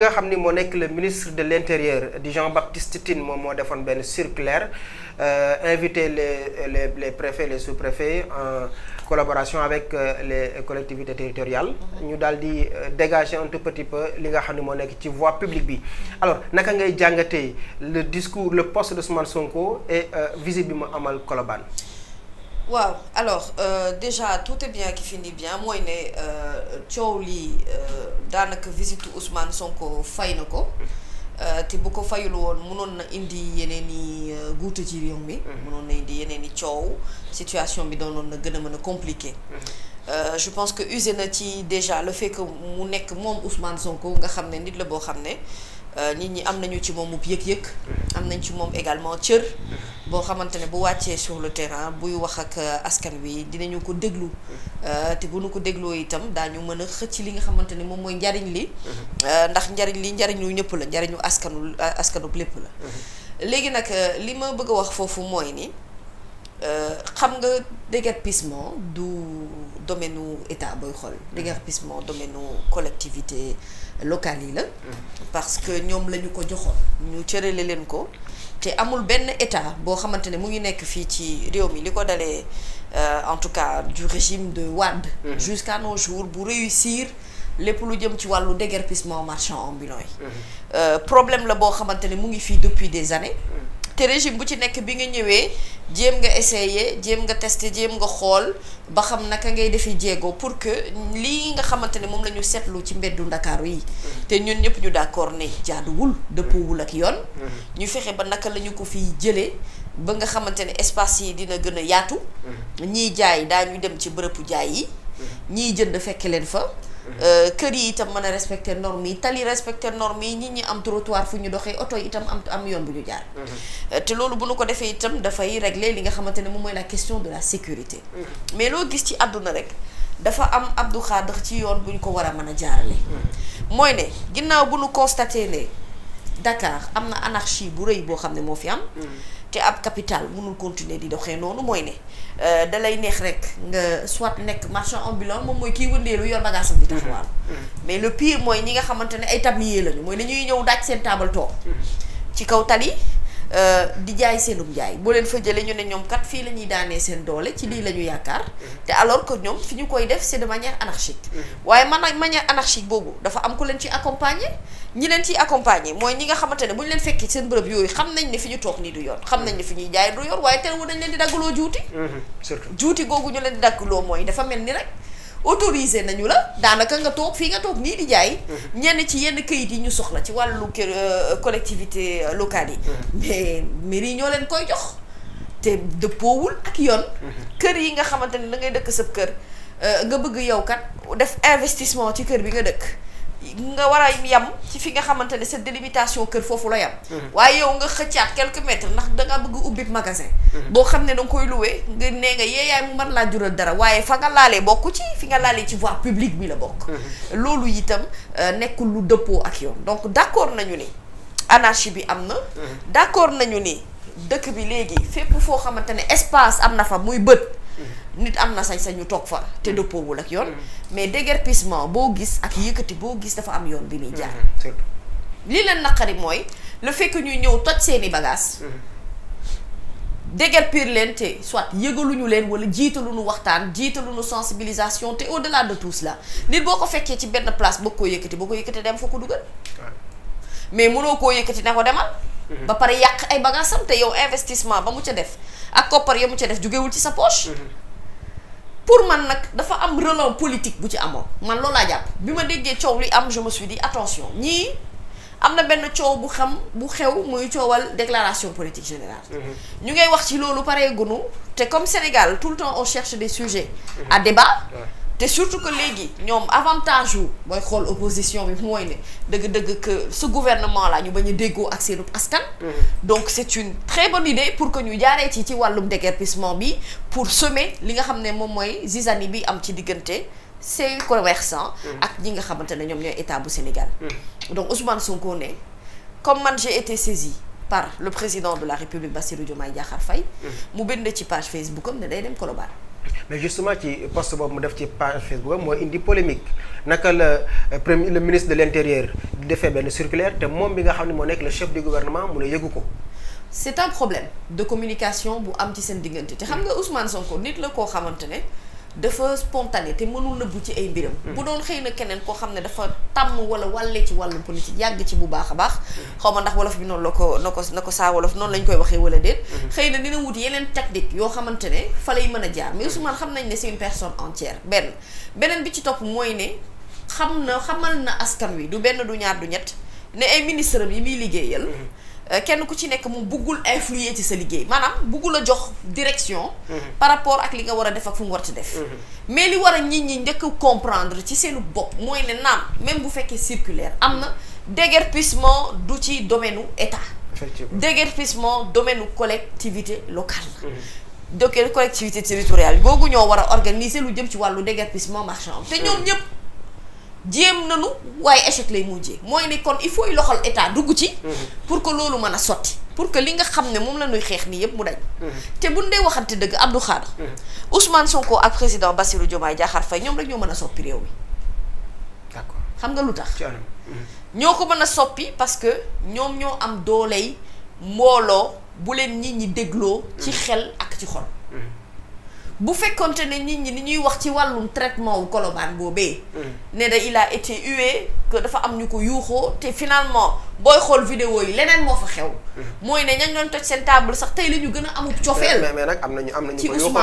li nga xam ni moo nekk le ministre de l'intérieur di Jean-Baptiste Tine moom moo defoon benn circulaire euh, invité les les les préfets les sous-préfets en collaboration avec euh, les collectivités territoriales. ñu daal di euh, dégager un tout li nga xam ne moo nekk ci voie publique bi. alors naka ngay jàngatee le discours le poste de Ousmane Sonko et visite bi mu amal Colobane. waaw alors euh, déjà tout est bien qui finit bien mooy ne euh, coow lii euh, daanaka visitu Ousmane Sonko fay na ko euh, te bu ko fayul woon mënoon na indi yeneen i guute ci réew mi. mënoon mm-hmm. na indi yeneen i coow situation bi doonoon na gën a mën a compliqué. Mm-hmm. Euh, je pense que use na ci déjà le fekk mu nekk moom Ousmane Sonko nga xam ne nit la boo xam ne nit ñi am nañu ci moom yëg-yëg. Mm-hmm. am nañ ci moom également cër. boo xamante ne bu wàccee sur terrain buy wax ak euh, askan wi dinañu ko déglu euh, te bu nu ko dégloo itam daañu mën a xëcc li nga xamante ne moom mooy njariñ li mhm. euh, ndax njariñ li njariñu ñëpp la njariñu askanu askanub lépp la mhm. léegi nag li ma bëgg a wax foofu mooy nii Euh, xam nga déguerpissement du domaine u état booy xool mm-hmm. déguerpissement domaine u collectivité locale yi la mm-hmm. parce que ñoom lañu ko joxoon ñu cërale leen ko te amul benn état boo xamante ne mu ngi nekk fii ci réew mi li ko dalee euh, en tout cas du régime de Wade mm-hmm. jusqu'à nos jours bu réussir lépp lu jëm ci wàllu déguerpissement marchand ambulant yi euh, problème la boo xamante ne mu ngi fii depuis des années te régime bu ci nekk bi nga ñëwee jéem nga essayer jéem nga tester jéem nga xool ba xam naka ngay defi jéego pour que lii nga xamante ne moom la ñu seetlu ci mbeddu ndakaaru yi te ñun ñëpp ñu d'accord ne jaaduwul dëppoowul ak yoon mm-hmm. ñu fexe ba naka lañu ko fiy jëlee ba nga xamante ne espace yi dina gën a yaatu mm-hmm. ñiy jaay daañu dem ci bërëbu jaay yi mm-hmm. ñiy jënd fekk leen fa Euh, kër yi itam mën a respecté normes tali respecter normes yi nit ñi am trottoir fu ñu doxee oto yi itam am am yoon bu ñu jaar. Mhm. Euh, te loolu bu nu ko defee itam dafay régler li nga xamante ne moom mooy la question de la sécurité. Mhm. mais loo gis ci àdduna rek dafa am abdu xaadar ci yoon bu ñu ko war a mën a jaarale. Mhm. mooy ne ginnaaw bu nu constaté ne dakaar am na anarchie bu rëy boo xam ne moo fi am. te ab capital mënul continuer di doxe noonu mooy ne euh, da lay neex rek nga soit nekk marchand ambulant moom mooy kiy wëndeelu yor bagage am di taxawaal. Mm-hmm. Mm-hmm. mais le pire mooy ñi nga xamante ne ay tablier lañu mooy dañuy ñëw daaj seen taabal toog. Mm-hmm. ci kaw tali euh, di jaay seenum jaay boo leen fa jëlee ñu ne ñoom kat fii la ñuy daanee seen doole ci lii la ñu yaakaar. te alors que ñoom fi ñu koy def c'est de manière anarchique. waaye man ak manière anarchique boobu dafa am ko leen ci accompagner. ñi leen ci accompagner mooy ñi nga xamante ne bu ñu leen fekki seen bërëb yooyu xam nañ ne fi ñu toog nii du yoon xam nañ ne fi ñuy jaay du yoon waaye terewul dañ leen di daggaloo juuti mm-hmm. surtout juuti googu ñu leen di daggaloo mooy dafa mel ni rek autorisé nañu la daanaka nga toog fii nga toog nii di jaay mm-hmm. ñenn ci yenn kayit yi ñu soxla ci wàllu kër euh, collectivité euh, locale yi mm-hmm. mais mairie ñoo leen koy jox te dëppoowul ak yoon kër yi nga xamante ne da ngay dëkk sab kër euh, nga bëgg yow kat def investissement ci kër bi nga dëkk nga war a yem ci fi nga xamante ne sa délimitation kër foofu la yem. Mhm. waaye yow nga xëccaat quelques mètres ndax dangaa bëgg ubbi magasin. Mhm. boo xam ne danga koy loué nga nee nga yeeyaay mu mën laa jural dara waaye fa nga laalee bokk ci fi nga laalee ci voie publique bi la bokk. Mhm. loolu itam euh, nekkul lu dëppoo ak yoon donc d'accord nañu ni anarchie bi am na. d'accord nañu ni dëkk bi léegi fépp foo xamante ne espace am na fa muy bët. nit am na sañ-sañu toog fa te mm. dëppoowul ak yoon mm. mais déguerpissement boo gis ak yëkkati boo gis dafa am yoon bi muy jaar mm-hmm. li leen naqari mooy le fekk ñuy ñëw toj seeni bagage mm-hmm. déguerpir leen te soit yëgaluñu leen wala jiitaluñu waxtaan jiitaluñu sensibilisation te au delà de tout la nit boo ko fekkee ci benn place boo ko yëkkati boo ko yëkkati dem foo ko dugal mais mënoo koo yëkkati na ko demal mm-hmm. ba pare yàq ay bagaasam te yow investissement ba mu ca def ak koppar ya mu ca def jugewul ci sa poche. Mhm. pour man nag dafa am renom politique bu ci amoon man loolaa jàpp bi ma déggee coow li am je me suis dit attention ñii am na benn coow bu xam bu xew muy coowal déclaration politique générale. Mhm. ñu ngay wax ci loolu pareegunu te comme Sénégal tout le temps au cherche des sujets à débat. Ouais. te surtout que léegi ñoom avantage wu booy xool opposition bi mooy ne dëgg-dëgg que ce gouvernement là ñu bañ a déggoo ak seenu askan. Mm-hmm. donc c' est une très bonne idée pour que ñu jaaree ci ci wàllum déguerpissement bi pour semer li nga xam ne moom mooy zizanie bi am ci diggante. ces commerçants mm-hmm. ak ñi nga xamante ne ñoom ñooy état bu Sénégal. Mm-hmm. donc Ousmane Sonko ne comme man j'ai été saisi par le président de la République Bassirou Diomaye Diakhar Faye. mu bind ci page Facebook am ne day dem Colobane. mais justement ci poste boobu mu def ci page Facebook moo indi polémique naka la euh, premier le ministre de l' intérieur di defee benn circulaire te moom bi nga xam ne moo nekk le chef du gouvernement mu ne yëgu ko. c' est un problème de communication bu am ci seen diggante te xam nga Ousmane Sonko nit la koo xamante ne. dafa spontané te mënul nëbbu ci ay mbiram. Mm. bu doon xëy na keneen koo xam ne dafa tàmm wala wàlle ci wàllum politique yàgg ci bu baax a baax. Mm. xaw ma ndax wolof bi noonu la ko na ko na ko saa wolof noonu lañ koy waxee wala déet. Mm-hmm. xëy na dina wut yeneen technique yoo xamante ne fa lay mën a jaar mais Ousmane xam nañ ne c'est une personne entière benn beneen bi ci topp mooy ne xam na xamal na askan wi du benn du ñaar du ñett ne ay ministre yi muy liggéeyal. Mm-hmm. Euh, kenn ku ci nekk mu buggul influer ci sa liggéey maanaam buggul a jox direction. Mhm. par rapport ak li nga war a def ak fu mu war a def. Mhm. mais li war a nit ñi ndëkk comprendre ci seenu bopp mooy ne naam même bu fekkee circulaire am na déguerpissement du ci domaine état. effectivement déguerpissement domaine collectivité locale. Mhm. donc collectivité territoriale googu ñoo war a organiser lu jëm ci wàllu déguerpissement marchand te ñoom ñëpp. jéem nanu waaye échec lay mujjee mooy ni kon il faut loxol état dugg ci. Mhm. pour que loolu mën a sotti. pour que li nga xam ne moom la ñuy xeex nii yëpp mu dañ. Mhm. te buñ dee waxante dëgg Abdou Khadre. Mhm. Ousmane Sonko ak président Bassirou Diomaye Diakhar Faye ñoom rek ñoo mën a soppi réew mi. xam nga lu tax. ñoo ko mën a soppi parce que ñoom ñoo am dooley mbooloo bu leen nit ñi dégloo. ci xel ak ci xol. bu fekkonte ne nit ñi li ñuy wax ci wàllum traitement wu Colobane boobee. Mm. ne da il été hué que dafa am ñu ko yuuxoo te finalement booy xool vidéo yi leneen moo fa xew. mooy ne ñañ doon toj seen table sax tey la ñu gën a amul cofeel. mais mais nag am na am na ñu ko yuuxoo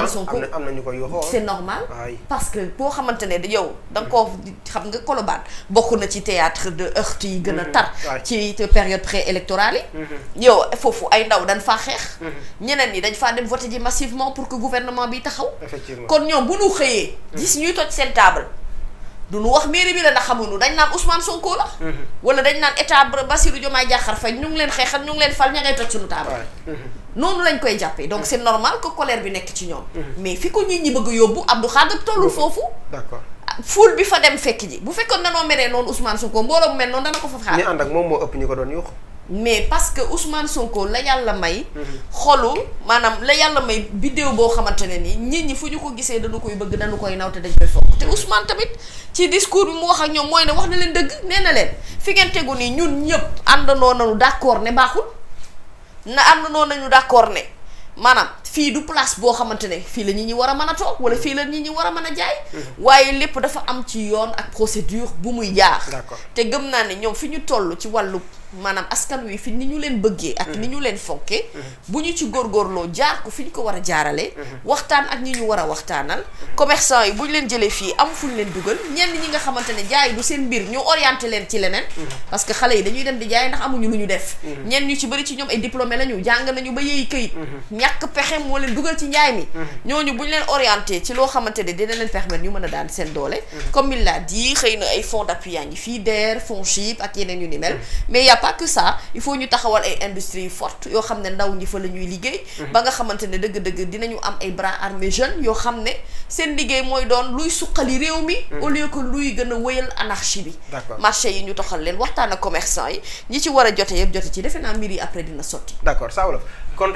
am na ko yuuxoo c'est normal parce que boo xamante ne yow da nga xam nga Colobane bokk na ci théâtre de heurte yi gën a mm-hmm. tar. ci période préélectorale yi. Mm-hmm. yow foofu ay ndaw dañ faa xeex. Mm-hmm. ñeneen ñi dañ faa dem voter ji massivement pour que gouvernement bi taxaw. effectivement kon ñoom bu ñu xëyee. gis ñuy toj seen table. du nu wax mairie bi la ndax xamuñu dañ naan Ousmane Sonko la. Mm-hmm. wala dañ naan état Bassirou Diomaye Diakhar Faye ñu ngi leen xeexal ñu ngi leen fal ña ngay toj suñu taabal. Mm-hmm. noonu lañ koy jàppee donc mm-hmm. c'est normal que colère bi nekk ci ñoom. mais fi ko nit ñi bëgg yóbbu Abdou Khadre tollul foofu. d'accord ah, foule bi fa dem fekk ji bu fekkoon danoo meree noonu Ousmane Sonko mbooloo mu mel noonu dana ko fa xaar. ñi ànd ak moom moo ëpp ñu ko doon yuux mais parce que Ousmane Sonko la yàlla may. Mhm. xolu maanaam la yàlla may vidéo boo xamante ne ni nit ñi fu ñu ko gisee dañu koy bëgg dañu koy naw te dañ koy te Ousmane tamit ci discours bi mu wax ak ñoom mooy ne wax na leen dëgg nee leen fi ngeen tegu nii ñun ñëpp àndandoo nañu d'accord ne baaxul na àndandoo nañu d'accord ne maanaam fii du place boo xamante ne fii la ñi ñi war a mën a toog wala fii la ñi ñi war a mën a jaay. Mhm. waaye lépp dafa am ci yoon ak procédure bu muy jaar. te gëm naa ne ñoom fi ñu toll ci wàllu. maanaam askan wi fi ni ñu leen bëggee ak ni ñu leen fokkee bu ñu ci góorgóorloo jaar ko fi ñu ko war a jaaralee waxtaan ak ñi ñu war a waxtaanal commerçant yi bu ñu leen jëlee fii am fu ñu leen dugal ñenn ñi nga xamante ne jaay du seen mbir ñu leen ci leneen parce que xale yi dañuy dem di jaay ndax amuñu lu ñu def ñenn ñu ci bëri ci ñoom ay diplômé lañu jàng nañu ba yeey këyit ñàkk pexe moo leen dugal ci njaay mi ñooñu bu ñu leen orienté ci loo xamante ne dina leen permettre ñu mën a daan seen doole comme l'a dit xëy na ay fonds d'appui yaa ngi fii DER fonds CHIP ak yeneen yu ni mel mais pas que ça il faut ñu taxawal ay industries yu yoo xam ne ndaw ñi fa la ñuy liggéey mhm. ba nga xamante ne dëgg-dëgg dinañu am ay bras armés jeunes yoo xam ne seen liggéey mooy doon luy suqali réew mi mhm. au lieu que luy gën a wëyal anarchie bi marché yi ñu toxal leen waxtaan ak commerçant yi ñi ci war a jote yëpp jote ci defe naa mbir yi après dina sotti d'accord